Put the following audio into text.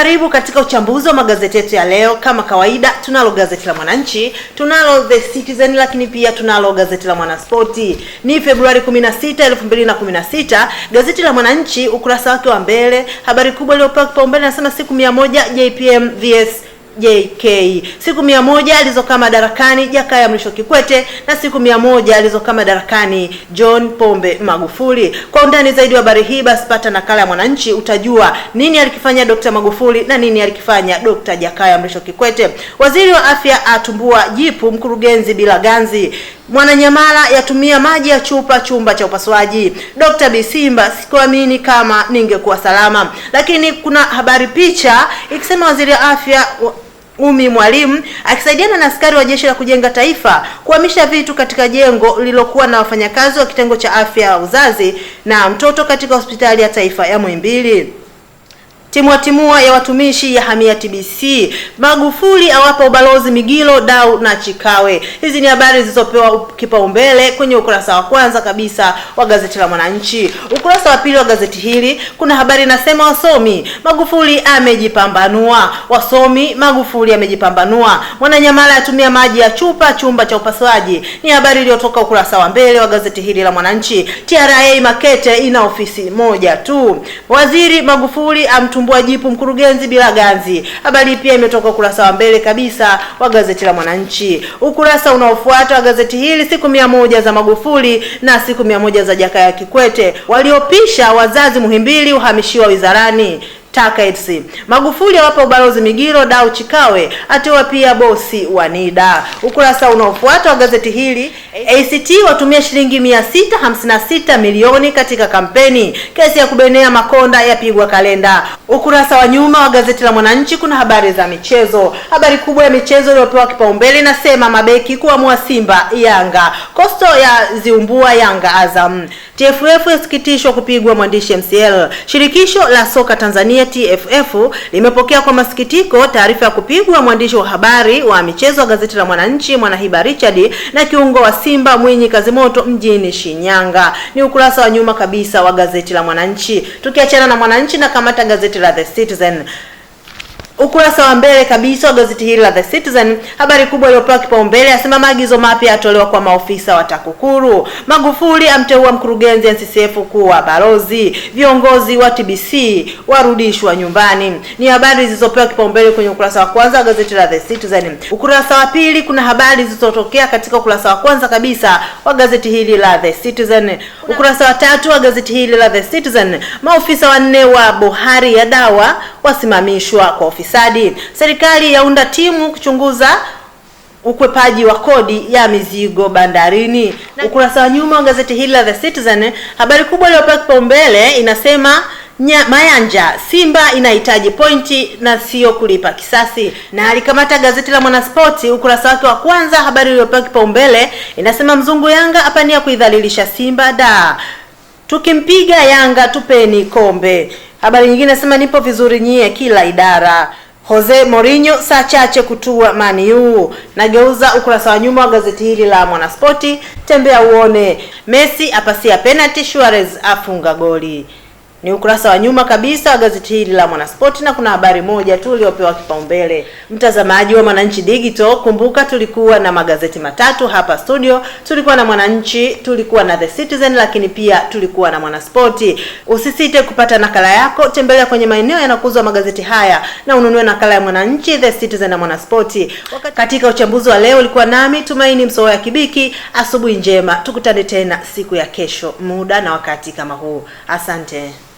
Karibu katika uchambuzi wa magazeti yetu ya leo. Kama kawaida, tunalo gazeti la Mwananchi, tunalo The Citizen, lakini pia tunalo gazeti la Mwanaspoti. Ni Februari 16, 2016. Gazeti la Mwananchi ukurasa wake wa mbele, habari kubwa iliyopewa kipaumbele nasema siku 100 JPM vs JK, siku mia moja alizokaa madarakani Jakaya Mrisho Kikwete na siku mia moja alizokaa madarakani John Pombe Magufuli. Kwa undani zaidi wa habari hii, basi pata nakala ya Mwananchi, utajua nini alikifanya Dr. Magufuli na nini alikifanya Dr. Jakaya Mrisho Kikwete. Waziri wa afya atumbua jipu mkurugenzi bila ganzi. Mwananyamala yatumia maji ya chupa chumba cha upasuaji. Dr. Bisimba, sikuamini kama ningekuwa salama. Lakini kuna habari picha ikisema waziri wa afya Umi Mwalimu akisaidiana na askari wa Jeshi la Kujenga Taifa kuhamisha vitu katika jengo lililokuwa na wafanyakazi wa kitengo cha afya ya uzazi na mtoto katika hospitali ya taifa ya Muhimbili. Timuatimua ya watumishi ya hamia TBC. Magufuli awapa ubalozi Migilo, Dau na Chikawe. Hizi ni habari zilizopewa kipaumbele kwenye ukurasa wa kwanza kabisa wa gazeti la Mwananchi. Ukurasa wa pili wa gazeti hili kuna habari inasema, wasomi Magufuli amejipambanua. Wasomi Magufuli amejipambanua. Mwananyamala atumia maji ya chupa chumba cha upasuaji, ni habari iliyotoka ukurasa wa mbele wa gazeti hili la Mwananchi. TRA Makete ina ofisi moja tu. Waziri Magufuli amtu tumbua jipu mkurugenzi bila ganzi. Habari pia imetoka ukurasa wa mbele kabisa wa gazeti la Mwananchi. Ukurasa unaofuata wa gazeti hili, siku mia moja za Magufuli na siku mia moja za Jakaya Kikwete, waliopisha wazazi Muhimbili uhamishiwa wizarani TACAIDS. Magufuli awapa ubalozi Migiro, dau Chikawe atewa pia bosi wa NIDA. Ukurasa unaofuata wa gazeti hili ACT watumia shilingi mia sita milioni katika kampeni. Kesi ya kubenea Makonda yapigwa kalenda. Ukurasa wa nyuma wa gazeti la Mwananchi kuna habari za michezo. Habari kubwa ya michezo iliyopewa kipaumbele inasema mabeki kuamua Simba Yanga, kosto ya ziumbua Yanga Azam, TFF yasikitishwa kupigwa mwandishi MCL. Shirikisho la soka Tanzania TFF limepokea kwa masikitiko taarifa ya kupigwa mwandishi wa habari wa michezo wa gazeti la Mwananchi Mwanahiba Richard na kiungo wa Simba Mwinyi Kazimoto mjini Shinyanga. Ni ukurasa wa nyuma kabisa wa gazeti la Mwananchi. Tukiachana na Mwananchi na kamata gazeti la The Citizen ukurasa wa mbele kabisa wa gazeti hili la The Citizen, habari kubwa iliyopewa kipaumbele asema maagizo mapya yatolewa kwa maofisa wa TAKUKURU. Magufuli amteua mkurugenzi NCCF kuwa balozi. Viongozi wa TBC warudishwa nyumbani. Ni habari zilizopewa kipaumbele kwenye ukurasa wa kwanza wa gazeti la The Citizen. Ukurasa wa pili kuna habari zilizotokea katika ukurasa wa kwanza kabisa wa gazeti hili la The Citizen. Ukurasa wa tatu wa gazeti hili la The Citizen, maofisa wanne wa bohari ya dawa wasimamishwa kwa ofisa ufisadi. Serikali yaunda timu kuchunguza ukwepaji wa kodi ya mizigo bandarini. Ukurasa wa nyuma wa gazeti hili la The Citizen, habari kubwa iliyopewa kipaumbele inasema Nya, Mayanja Simba inahitaji pointi na sio kulipa kisasi. Na alikamata gazeti la Mwanaspoti ukurasa wake wa kwanza, habari iliyopewa kipaumbele inasema mzungu Yanga apania kuidhalilisha Simba da tukimpiga Yanga tupeni kombe. Habari nyingine nasema nipo vizuri nyie kila idara. Jose Mourinho saa chache kutua Man U. Nageuza ukurasa wa nyuma wa gazeti hili la Mwanaspoti, tembea uone. Messi apasia penalty, Suarez afunga goli ni ukurasa wa nyuma kabisa wa gazeti hili la Mwanaspoti na kuna habari moja tu iliyopewa kipaumbele. Mtazamaji wa Mwananchi Digital, kumbuka tulikuwa na magazeti matatu hapa studio, tulikuwa na Mwananchi, tulikuwa na The Citizen, lakini pia tulikuwa na Mwanaspoti. Usisite kupata nakala yako, tembelea kwenye maeneo yanakuzwa magazeti haya na ununue nakala ya Mwananchi, The Citizen na Mwanaspoti. Katika uchambuzi wa leo ulikuwa nami Tumaini ya Kibiki. Asubuhi njema, tukutane tena siku ya kesho muda na wakati kama huu. Asante.